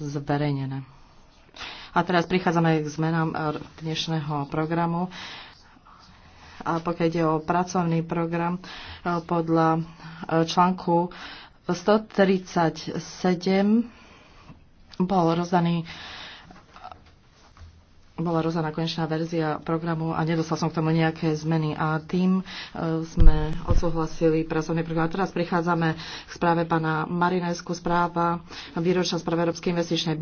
zverejnené. A teraz prichádzame k zmenám dnešného programu. A pokiaľ ide o pracovný program, e, podľa e, článku 137 bol rozdaný bola rozdaná konečná verzia programu a nedostal som k tomu nejaké zmeny. A tým e, sme odsúhlasili pracovný program. A teraz prichádzame k správe pána Marinesku, správa výročná správa Európskej investičnej banky.